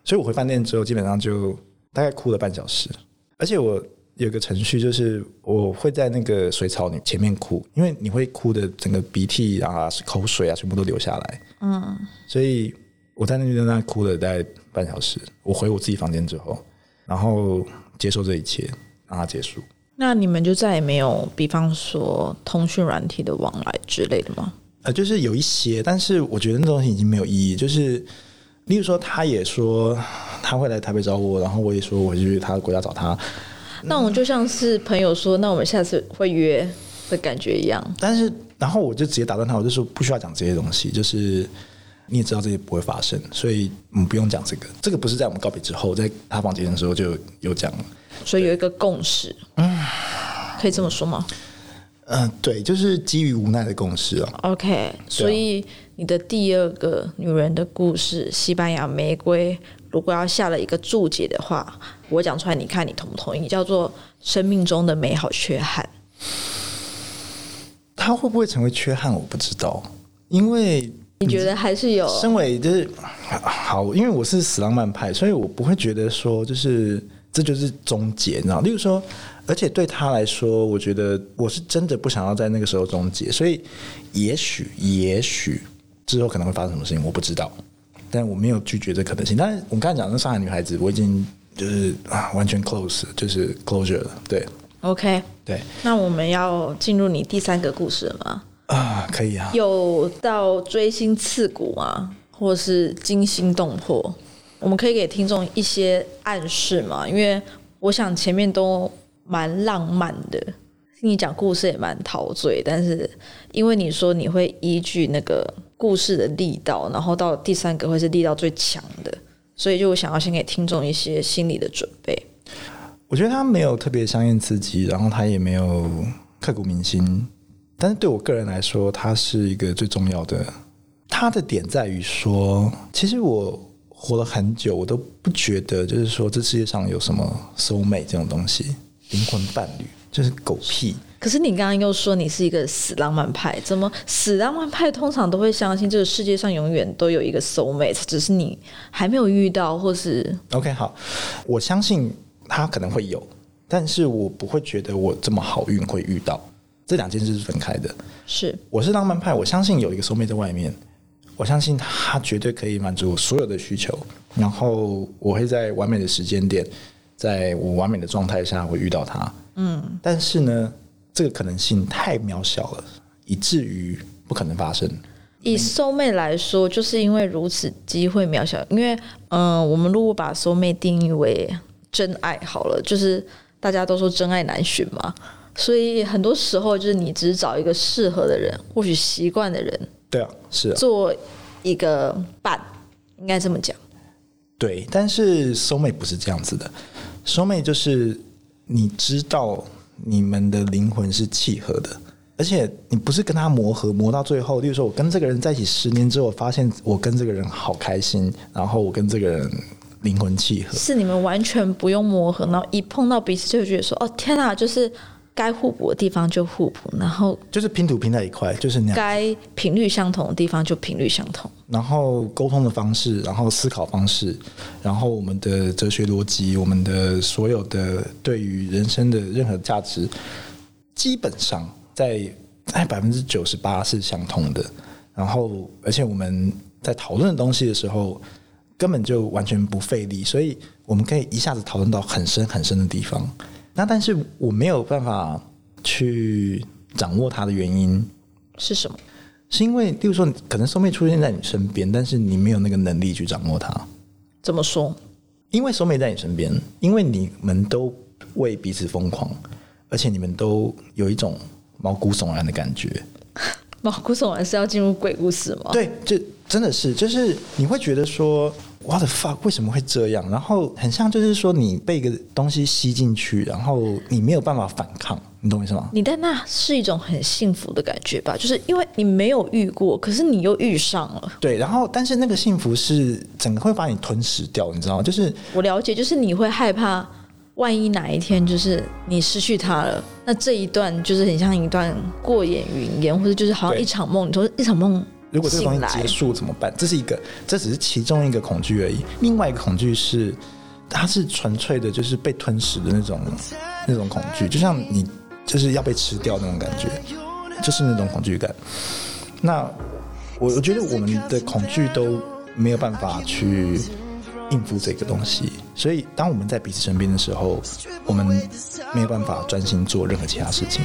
所以我回飯店之後，基本上就大概哭了半小時，而且我。有個程序，就是我會在那個水槽你前面哭，因為你會哭得整個鼻涕啊、口水啊全部都流下來。嗯，所以我在那邊在那哭了大概半小時。我回我自己房間之後，然後接受這一切，讓它結束。那你們就再也沒有，比方說通訊軟體的往來之類的嗎？呃，就是有一些，但是我覺得那東西已經沒有意義。就是，例如說，他也說他會來台北找我，然後我也說我去他的國家找他。那我們就像是朋友說，那我們下次會約的感覺一樣。但是，然後我就直接打斷他，我就說不需要講這些東西，就是你也知道這些不會發生，所以我們不用講這個。這個不是在我們告別之後，在他房間的時候就有講了。所以有一個共識，嗯，可以這麼說嗎？嗯，呃，對，就是基於無奈的共識啊。OK，啊所以你的第二個女人的故事，西班牙玫瑰。如果要下了一個註解的話，我講出來，你看你同不同意？叫做生命中的美好缺憾。他會不會成為缺憾，我不知道，因為你覺得還是有。身為就是好，好，因為我是死浪漫派，所以我不會覺得說，就是這就是終結，你知道？例如說，而且對他來說，我覺得我是真的不想要在那個時候終結，所以也許，也許之後可能會發生什麼事情，我不知道。但我沒有拒絕這可能性。但是我剛才講的上海女孩子，我已經就是啊，完全 close，就是 closure 了。對，OK，對。那我們要進入你第三個故事了嗎？啊，可以啊。有到錐心刺骨嗎？或是驚心動魄？我們可以給聽眾一些暗示嗎？因為我想前面都蠻浪漫的，聽你講故事也蠻陶醉。但是因為你說你會依據那個。故事的力道，然後到第三個會是力道最強的，所以就想要先給聽眾一些心理的準備。我覺得他沒有特別香豔刺激，然後他也沒有刻骨銘心，但是對我個人來說，他是一個最重要的。他的點在於說，其實我活了很久，我都不覺得就是說這世界上有什麼 soulmate 這種東西，靈魂伴侶。就是狗屁！可是你剛剛又說你是一個死浪漫派，怎麼死浪漫派通常都會相信這個世界上永遠都有一個 soul mate，只是你還沒有遇到，或是 OK 好，我相信他可能會有，但是我不會覺得我這麼好運會遇到。這兩件事是分開的。是，我是浪漫派，我相信有一個 soul mate 在外面，我相信他絕對可以滿足我所有的需求，然後我會在完美的時間點，在我完美的狀態下會遇到他。嗯，但是呢，這個可能性太渺小了，以至於不可能發生。以 soulmate 來說，就是因為如此，機會渺小。因為，嗯、呃，我們如果把 soulmate 定義為真愛，好了，就是大家都說真愛難尋嘛，所以很多時候就是你只找一個適合的人，或許習慣的人，對啊，是啊，做一個伴，應該這麼講。對，但是 soulmate 不是這樣子的，soulmate 就是。你知道你們的靈魂是契合的，而且你不是跟他磨合磨到最後。例如說，我跟這個人在一起十年之後，發現我跟這個人好開心，然後我跟這個人靈魂契合。是你們完全不用磨合，然後一碰到彼此就覺得說：“哦，天啊！”就是。該互補的地方就互補，然後就是拼圖拼在一塊，就是那樣。該頻率相同的地方就頻率相同。然後溝通的方式，然後思考方式，然後我們的哲學邏輯，我們的所有的對於人生的任何價值，基本上在百分之九十八是相通的。然後，而且我們在討論的東西的時候，根本就完全不費力，所以我們可以一下子討論到很深很深的地方。那但是我沒有辦法去掌握它的原因是什麼？是因為，比如說，可能 soulmate 出現在你身邊，但是你沒有那個能力去掌握它。怎麼說？因為 soulmate 在你身邊，因為你們都為彼此瘋狂，而且你們都有一種毛骨悚然的感覺。毛骨悚然是要進入鬼故事嗎？對，就真的是，就是你會覺得說。我的 fuck，為什麼會這樣？然後很像就是說你被一個東西吸進去，然後你沒有辦法反抗，你懂我意思嗎？你但那是一種很幸福的感覺吧？就是因為你沒有遇過，可是你又遇上了。對，然後但是那個幸福是整個會把你吞噬掉，你知道嗎？就是我了解，就是你會害怕，萬一哪一天就是你失去他了，那這一段就是很像一段過眼雲煙，或者就是好像一場夢。你說一場夢。如果這個東西結束怎麼辦？這是一個，這只是其中一個恐懼而已。另外一個恐懼是，它是純粹的，就是被吞噬的那種那種恐懼，就像你就是要被吃掉那種感覺，就是那種恐懼感。那我我覺得我們的恐懼都沒有辦法去應付這個東西，所以當我們在彼此身邊的時候，我們沒有辦法專心做任何其他事情。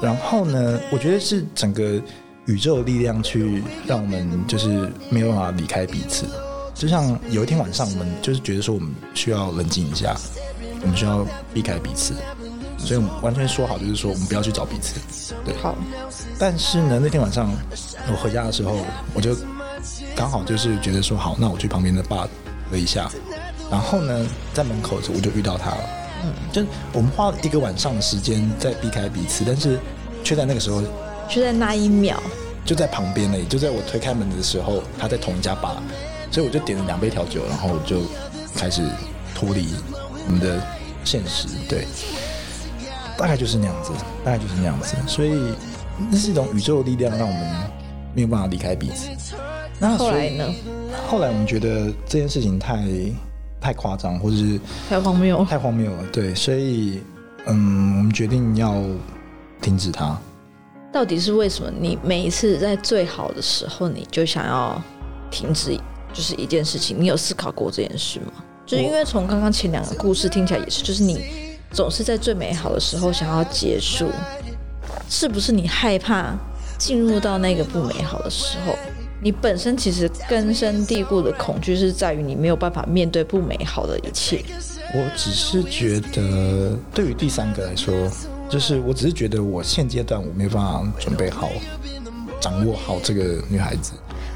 然後呢，我覺得是整個。宇宙的力量去讓我們就是沒有辦法離開彼此，就像有一天晚上，我們就是覺得說我們需要冷靜一下，我們需要避開彼此，所以我們完全說好就是說我們不要去找彼此，對。好，但是呢，那天晚上我回家的時候，我就剛好就是覺得說好，那我去旁邊的吧了一下，然後呢，在門口我就遇到他了，嗯，就我們花了一個晚上的時間在避開彼此，但是卻在那個時候。就在那一秒，就在旁邊了，就在我推開門的時候，他在同一家吧，所以我就點了兩杯調酒，然後我就開始脫離我們的現實，對，大概就是那樣子，大概就是那樣子，所以那是一種宇宙的力量，讓我們沒有辦法離開彼此。那後來呢？所以，後來我們覺得這件事情太太誇張，或者是太荒謬了，太荒謬了，對，所以嗯，我們決定要停止它。到底是為什麼？你每一次在最好的時候，你就想要停止，就是一件事情。你有思考過這件事嗎？就是因為從剛剛前兩個故事聽起來也是，就是你總是在最美好的時候想要結束，是不是？你害怕進入到那個不美好的時候，你本身其實根深蒂固的恐懼是在於你沒有辦法面對不美好的一切。我只是覺得，對於第三個來說。就是，我只是覺得我現階段我沒辦法準備好，掌握好這個女孩子。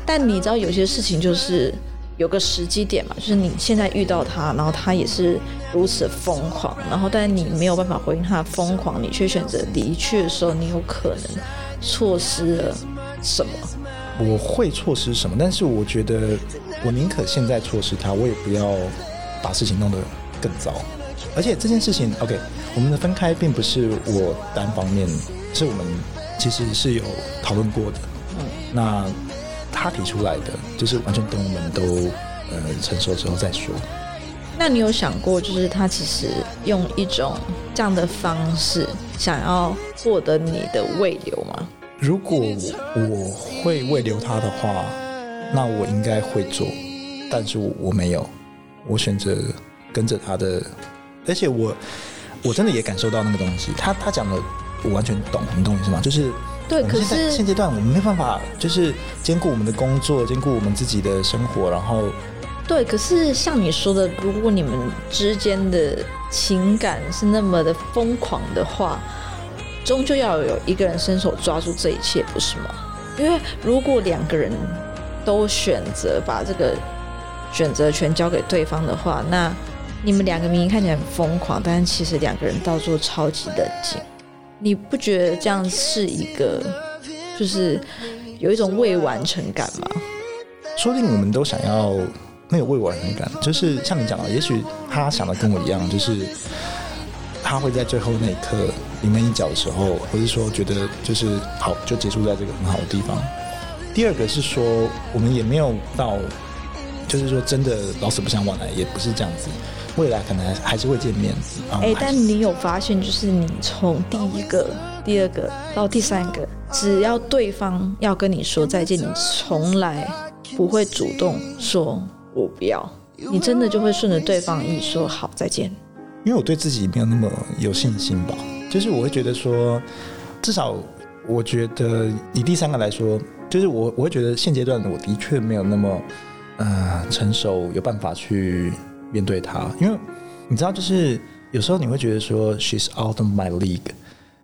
但你知道，有些事情就是有個時機點嘛，就是你現在遇到她，然後她也是如此瘋狂，然後但你沒有辦法回應她的瘋狂，你卻選擇離去的時候，你有可能錯失了什麼？我會錯失什麼？但是我覺得，我寧可現在錯失她，我也不要把事情弄得更糟。而且這件事情，OK，我們的分開並不是我單方面，是我們其實是有討論過的。嗯，那他提出來的就是完全等我們都呃成熟之後再說。那你有想過，就是他其實用一種這樣的方式，想要獲得你的慰留嗎？如果我會慰留他的話，那我應該會做，但是我沒有，我選擇跟着他的。而且我，我真的也感受到那個東西。他他講的，我完全懂。你懂意思嗎？就是對，可是現階段我們沒辦法，就是兼顧我們的工作，兼顧我們自己的生活。然後對，可是像你說的，如果你們之間的情感是那麼的瘋狂的話，終究要有一個人伸手抓住這一切，不是嗎？因為如果兩個人都選擇把這個選擇權交給對方的話，那你們兩個明明看起來很瘋狂，但是其實兩個人到座超級冷靜。你不覺得這樣是一個，就是有一種未完成感嗎？說不定我們都想要那個未完成感，就是像你講的，也許他想的跟我一樣，就是他會在最後那一刻你們一腳的時候，或是說覺得就是好就結束在這個很好的地方。第二個是說，我們也沒有到，就是說真的老死不相往來，也不是這樣子。未來可能還是會見面。哎、嗯，欸，但你有發現，就是你從第一個、第二個到第三個，只要對方要跟你說再見，你從來不會主動說“我不要”，你真的就會順着對方意說好“好再見”。因為我對自己沒有那麼有信心吧，就是我會覺得說，至少我覺得以第三個來說，就是我我會覺得現階段我的確沒有那麼，呃，成熟有辦法去。面對她，因為你知道，就是有時候你會覺得說，she's out of my league，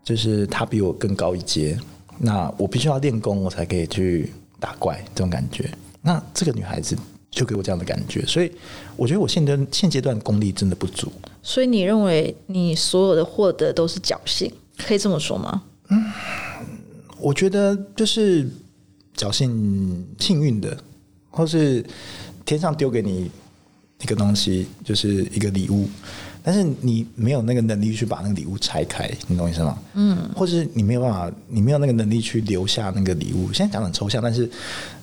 就是她比我更高一階，那我必須要練功，我才可以去打怪這種感覺。那這個女孩子就給我這樣的感覺，所以我覺得我現在現階段功力真的不足。所以你認為你所有的獲得都是僥幸，可以這麼說嗎？嗯，我覺得就是僥幸、幸運的，或是天上丟給你。一個東西就是一個禮物，但是你沒有那個能力去把那個禮物拆開，你懂意思嗎？嗯，或者是你沒有辦法，你沒有那個能力去留下那個禮物。現在講很抽象，但是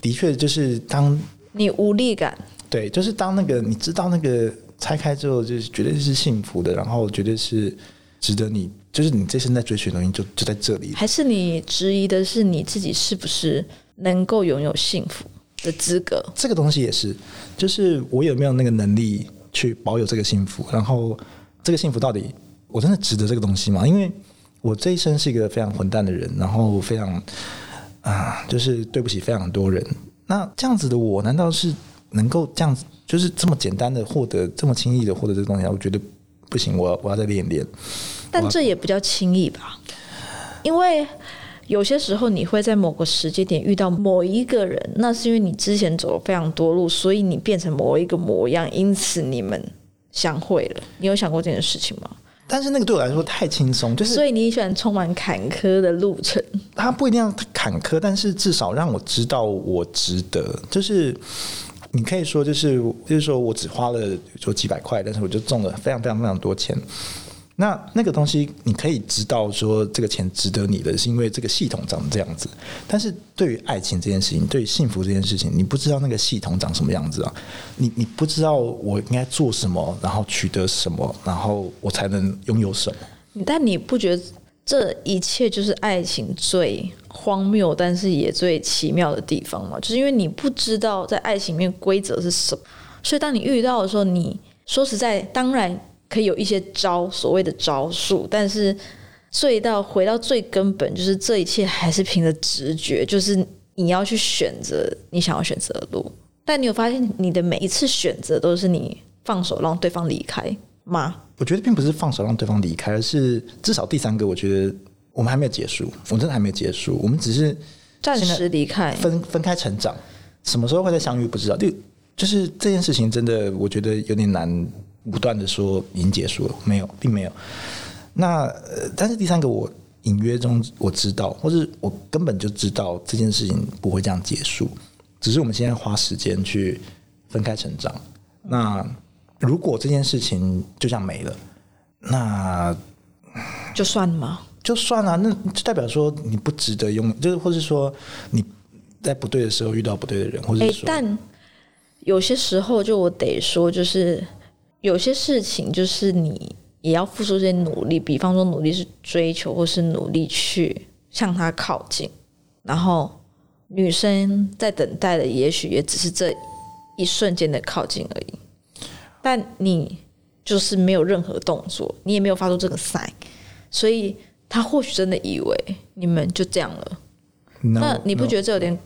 的確就是當你無力感，對，就是當那個你知道那個拆開之後，就是絕對是幸福的，然後絕對是值得你，就是你這生在追尋的東西就就在這裡。還是你質疑的是你自己是不是能夠擁有幸福？的資格，這個東西也是，就是我有沒有那個能力去保有這個幸福？然後這個幸福到底我真的值得這個東西嗎？因為我這一生是一個非常混蛋的人，然後非常啊，就是對不起非常多人。那這樣子的我，難道是能夠這樣子，就是這麼簡單的獲得，這麼輕易的獲得這個東西？我覺得不行，我要我要再練一練。但這也不叫輕易吧，因為。有些時候你會在某個時間點遇到某一個人，那是因為你之前走了非常多路，所以你變成某一個模樣，因此你們相會了。你有想過這件事情嗎？但是那個對我來說太輕鬆。就是所以你喜歡充滿坎坷的路程？它不一定要坎坷，但是至少讓我知道我值得。就是你可以說，就是，就是就是說我只花了說幾百塊，但是我就中了非常非常非常多錢。那那個東西，你可以知道說這個錢值得你的是因為這個系統長這樣子，但是對於愛情這件事情，對於幸福這件事情，你不知道那個系統長什麼樣子啊，你你不知道我應該做什麼，然後取得什麼，然後我才能擁有什麼。但你不覺得這一切就是愛情最荒謬，但是也最奇妙的地方嗎？就是因為你不知道在愛情裡面規則是什麼，所以當你遇到的時候，你說實在，當然。可以有一些招，所謂的招數，但是最到回到最根本，就是這一切還是憑着直覺，就是你要去選擇你想要選擇的路。但你有發現，你的每一次選擇都是你放手讓對方離開嗎？我覺得並不是放手讓對方離開，而是至少第三個，我覺得我們還沒有結束，我們真的還沒有結束，我們只是暫時離開，分分開成長，什麼時候會再相遇不知道。就就是這件事情，真的我覺得有點難。不斷的說已經結束了，沒有，並沒有。那但是第三個我，我隱約中我知道，或是我根本就知道這件事情不會這樣結束。只是我們現在花時間去分開成長。那如果這件事情就這樣沒了，那就算嗎？就算啊，那就代表說你不值得擁有，就或是或者說你在不對的時候遇到不對的人，或者說、欸……但有些時候，就我得說，就是。有些事情就是你也要付出一些努力，比方說努力去追求，或是努力去向他靠近。然後女生在等待的，也許也只是這一瞬間的靠近而已。但你就是沒有任何動作，你也沒有發出這個 sign。所以他或許真的以為你們就這樣了。No, 那你不覺得這有點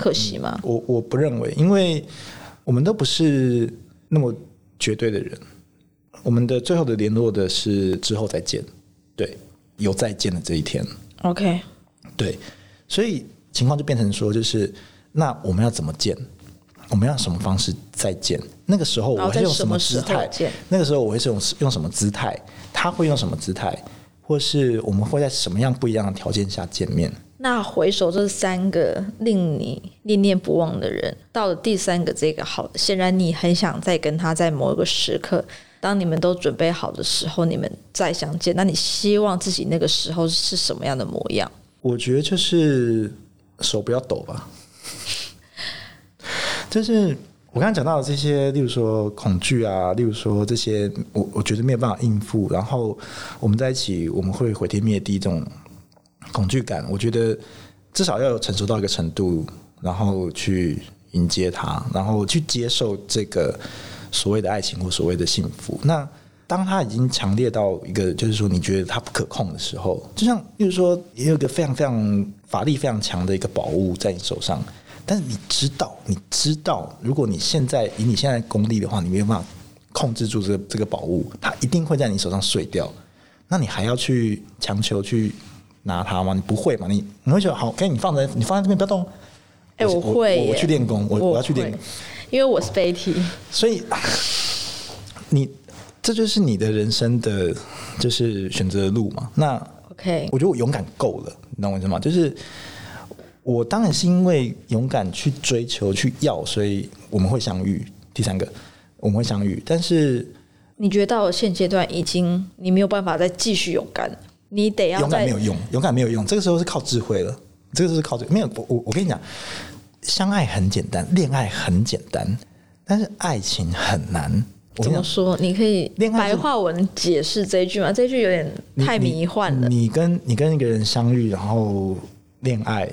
可惜嗎？No, no. 嗯，我我不認為，因為我們都不是那麼。絕對的人，我們的最後的聯絡的是之後再見，對，有再見的這一天。OK，對，所以情況就變成說，就是那我們要怎麼見？我們要什麼方式再見？那個時候我會用什麼姿態、哦？那個時候我會是用用什麼姿態？他會用什麼姿態？或是我們會在什麼樣不一樣的條件下見面？那回首這三個令你念念不忘的人，到了第三個這個好，顯然你很想再跟他在某一個時刻，當你們都準備好的時候，你們再相見。那你希望自己那個時候是什麼樣的模樣？我覺得就是手不要抖吧。 [laughs] 就是我剛剛講到的這些，例如說恐懼啊，例如說這些，我我覺得沒有辦法應付。然後我們在一起，我們會毀天滅地這種。恐懼感，我覺得至少要有成熟到一個程度，然後去迎接它，然後去接受這個所謂的愛情或所謂的幸福。那當他已經強烈到一個，就是說你覺得他不可控的時候，就像比如說也有一個非常非常法力非常強的一個寶物在你手上，但是你知道，你知道，如果你現在以你現在功力的話，你沒有辦法控制住這個、這個寶物，它一定會在你手上碎掉。那你還要去強求去拿它嗎？你不會嘛？你你會覺得好？可以，你放在你放在這邊不要動。哎、欸，我會，我去練功，我我要去練，因為我是飛體所以、啊、你這就是你的人生的，就是選擇的路嘛。那 OK，我覺得我勇敢夠了，你懂我意思嗎？就是我當然是因為勇敢去追求去要，所以我們會相遇。第三個我們會相遇，但是你覺得到現階段已經你沒有辦法再繼續勇敢，你得要勇敢沒有用，勇敢沒有用，這個時候是靠智慧了，這個時候是靠智慧，沒有。我我跟你講，相愛很簡單，戀愛很簡單，但是愛情很難。怎麼說？你可以白話文解釋這一句嗎？這一句有點太迷幻了。你，你，你跟你跟一個人相遇，然後戀愛，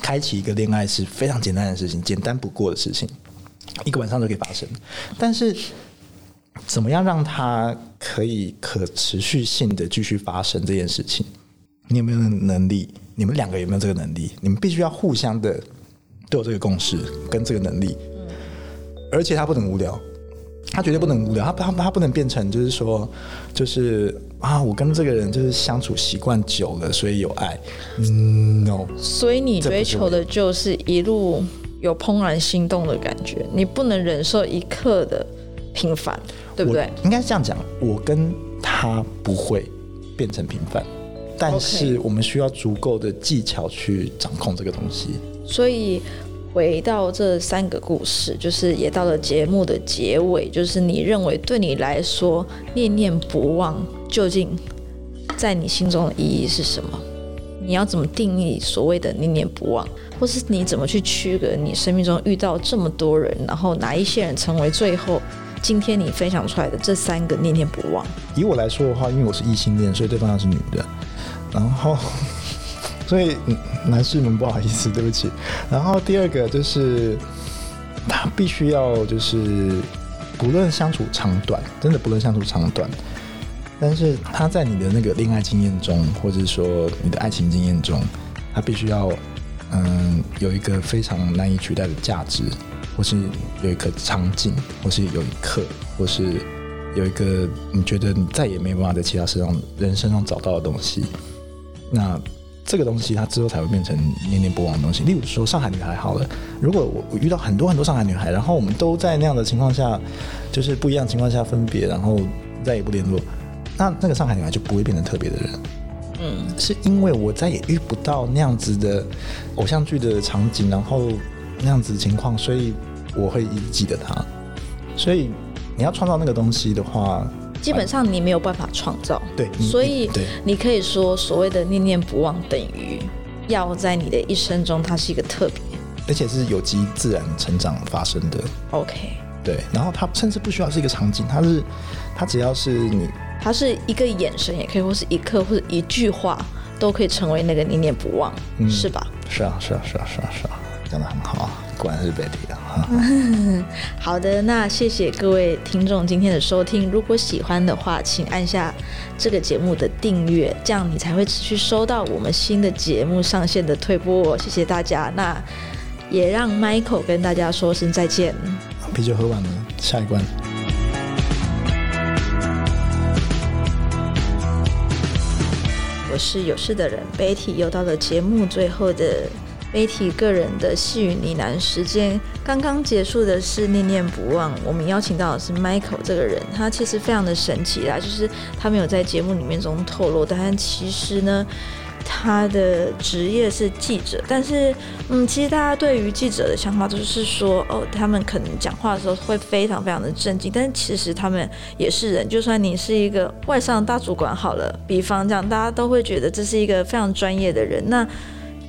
開啟一個戀愛是非常簡單的事情，簡單不過的事情，一個晚上都可以發生，但是。怎麼樣讓他可以可持續性的繼續發生這件事情？你有沒有能力？你們兩個有沒有這個能力？你們必須要互相的都有這個共識跟這個能力。而且他不能無聊，他絕對不能無聊，他不，他不能變成就是說就是啊，我跟這個人就是相處習慣久了，所以有愛。No，所以你追求的就是一路有怦然心動的感覺，你不能忍受一刻的平凡，對不對？應該這樣講，我跟他不會變成平凡，但是我們需要足夠的技巧去掌控這個東西。所以回到這三個故事，就是也到了節目的結尾，就是你認為對你來說念念不忘究竟在你心中的意義是什麼？你要怎麼定義所謂的念念不忘，或是你怎麼去區隔你生命中遇到這麼多人，然後哪一些人成為最後？今天你分享出來的這三個念念不忘，以我來說的話，因為我是異性戀，所以對方要是女的，然後，所以男士們不好意思，對不起。然後第二個就是他必須要就是不論相處長短，真的不論相處長短，但是他在你的那個戀愛經驗中，或者說你的愛情經驗中，他必須要嗯有一個非常難以取代的價值。或是有一個場景，或是有一刻，或是有一個你覺得你再也沒有辦法在其他身上人身上找到的東西，那這個東西它之後才會變成念念不忘的東西。例如說上海女孩好了，如果我遇到很多很多上海女孩，然後我們都在那樣的情況下，就是不一樣的情況下分別，然後再也不聯絡，那那個上海女孩就不會變成特別的人。嗯，是因為我再也遇不到那樣子的偶像劇的場景，然後。那樣子情況，所以我會一直記得他。所以你要創造那個東西的話，基本上你沒有辦法創造。對，所以你可以說，所謂的念念不忘，等於要在你的一生中，它是一個特別，而且是有機自然成長發生的。OK。對，然後它甚至不需要是一個場景，它是它只要是你，它是一個眼神，也可以，或是一刻，或者一句話，都可以成為那個念念不忘。嗯，是吧？是啊，是啊，是啊，是啊，是啊。講的很好啊，果然是 Betty 呵呵 [laughs] 好的，那謝謝各位聽眾今天的收聽。如果喜歡的話，請按下這個節目的訂閱，這樣你才會持續收到我們新的節目上線的推播哦。謝謝大家，那也讓 Michael 跟大家說聲再見。啤酒喝完了，下一關。我是有事的人 Betty，又到了節目最後的。媒體個人的細語呢喃。時間剛剛結束的是念念不忘。我們邀請到的是 Michael 這個人，他其實非常的神奇啦、啊，就是他沒有在節目裡面中透露。但其實呢，他的職業是記者。但是，嗯，其實大家對於記者的想法都是說，哦，他們可能講話的時候會非常非常的震驚。但其實他們也是人，就算你是一個外商大主管，好了，比方講，大家都會覺得這是一個非常專業的人。那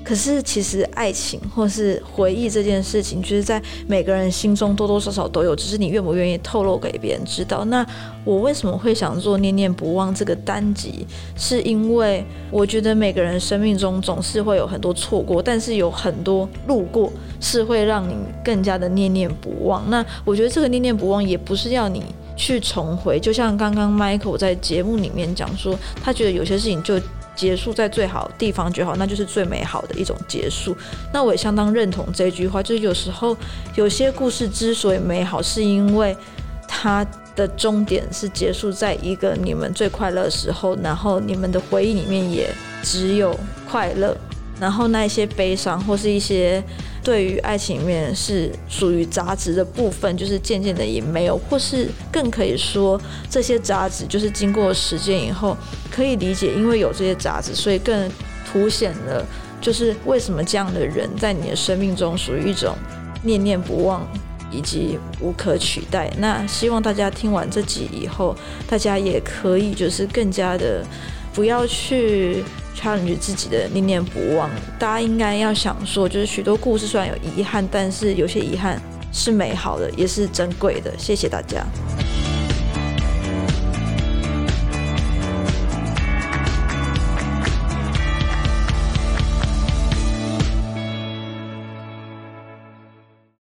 可是其實愛情或是回憶這件事情，就是在每個人心中多多少少都有，只是你願不願意透露給別人知道。那我為什麼會想做《念念不忘》這個單集，是因為我覺得每個人生命中總是會有很多錯過，但是有很多路過是會讓你更加的念念不忘。那我覺得這個念念不忘也不是要你去重回，就像剛剛 Michael 在節目裡面講說，他覺得有些事情就結束在最好地方就好，那就是最美好的一種結束。那我也相當認同這句話，就是有時候有些故事之所以美好，是因為它的終點是結束在一個你們最快樂的時候，然後你們的回憶裡面也只有快樂。然後那一些悲傷或是一些對於愛情裡面是屬於雜質的部分，就是漸漸的也沒有，或是更可以說這些雜質就是經過時間以後可以理解，因為有這些雜質，所以更凸顯了就是為什麼這樣的人在你的生命中屬於一種念念不忘以及無可取代。那希望大家聽完這集以後，大家也可以就是更加的不要去。Challenge 自己的念念不忘，大家應該要想說，就是許多故事雖然有遺憾，但是有些遺憾是美好的，也是珍貴的。謝謝大家。